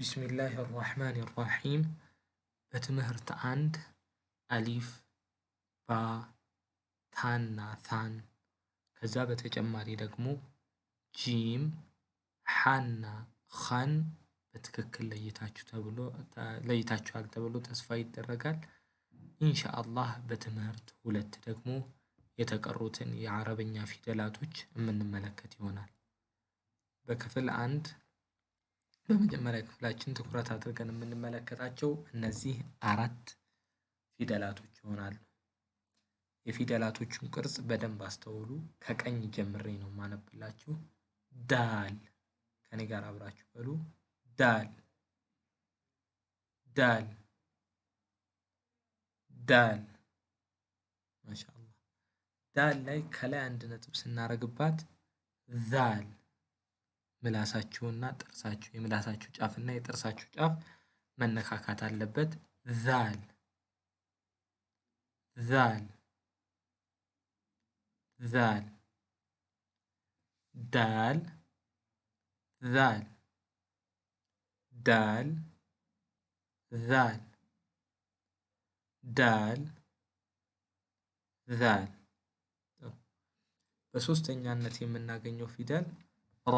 ቢስሚላህ ራህማን ራሒም በትምህርት አንድ አሊፍ ባ ታና ታን ከዛ በተጨማሪ ደግሞ ጂም ሓና ኻን በትክክል ለይታችሁ ተብሎ ለይታችኋል ተብሎ ተስፋ ይደረጋል። ኢንሻ አላህ በትምህርት ሁለት ደግሞ የተቀሩትን የአረበኛ ፊደላቶች የምንመለከት ይሆናል። በክፍል አንድ በመጀመሪያ ክፍላችን ትኩረት አድርገን የምንመለከታቸው እነዚህ አራት ፊደላቶች ይሆናሉ። የፊደላቶቹን ቅርጽ በደንብ አስተውሉ። ከቀኝ ጀምሬ ነው ማነብላችሁ። ዳል ከኔ ጋር አብራችሁ በሉ። ዳል ዳል ዳል። ማሻአላህ ዳል ላይ ከላይ አንድ ነጥብ ስናረግባት ዛል ምላሳችሁና ጥርሳችሁ የምላሳችሁ ጫፍና የጥርሳችሁ ጫፍ መነካካት አለበት። ዛል ዛል ዛል ዳል ዛል ዳል ዛል ዳል ዛል በሶስተኛነት የምናገኘው ፊደል ራ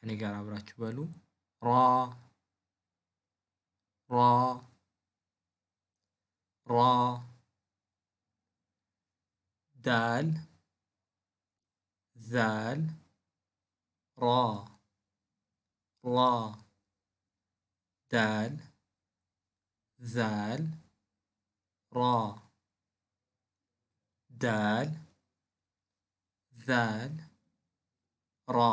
ከኔ ጋር አብራችሁ በሉ را را دال ذال را را دال ذال را دال ذال را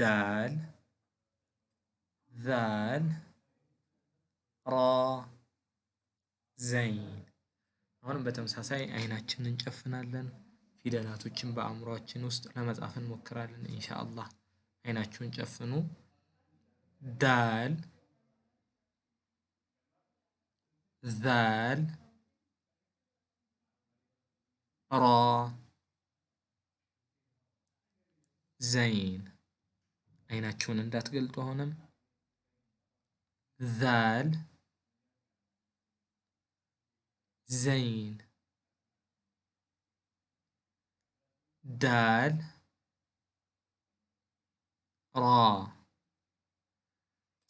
دال ذال را ዘይን አሁንም በተመሳሳይ አይናችንን እንጨፍናለን። ፊደላቶችን በአእምሯችን ውስጥ ለመጻፍ እንሞክራለን። ኢንሻአላህ አይናችሁን ጨፍኑ። ዳል ዛል ራ ዘይን አይናቸውን እንዳትገልጡ። አሁንም ዛል ዘይን ዳል ራ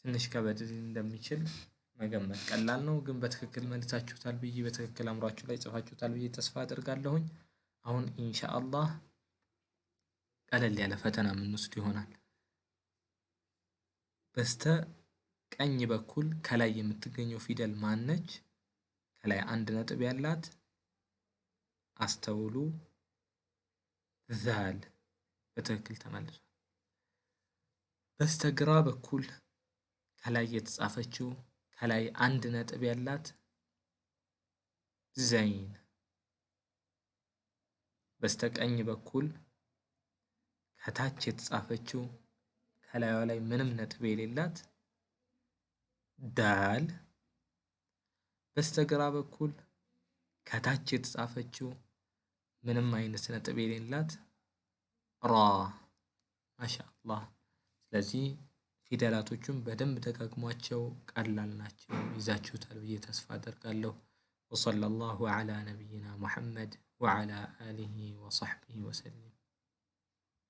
ትንሽ ከበድ እንደሚችል መገመት ቀላል ነው፣ ግን በትክክል መልሳችሁታል ብዬ በትክክል አእምሯችሁ ላይ ጽፋችሁታል ብዬ ተስፋ አድርጋለሁኝ። አሁን ኢንሻአላህ ቀለል ያለ ፈተና የምንወስድ ይሆናል። በስተ ቀኝ በኩል ከላይ የምትገኘው ፊደል ማነች? ከላይ አንድ ነጥብ ያላት አስተውሉ። ዛል በትክክል ተመልሷል። በስተግራ በኩል ከላይ የተጻፈችው ከላይ አንድ ነጥብ ያላት ዘይን። በስተቀኝ በኩል ከታች የተጻፈችው ከላዩ ላይ ምንም ነጥብ የሌላት ዳል፣ በስተግራ በኩል ከታች የተጻፈችው ምንም አይነት ነጥብ የሌላት ራ። ማሻአላህ። ስለዚህ ፊደላቶቹም በደንብ ደጋግሟቸው፣ ቀላል ናቸው። ይዛችሁታል ብዬ ተስፋ አደርጋለሁ። ወሰለላሁ ዐላ ነቢይና ሙሐመድ ወዐላ አሊሂ ወሰሕቢሂ ወሰለም።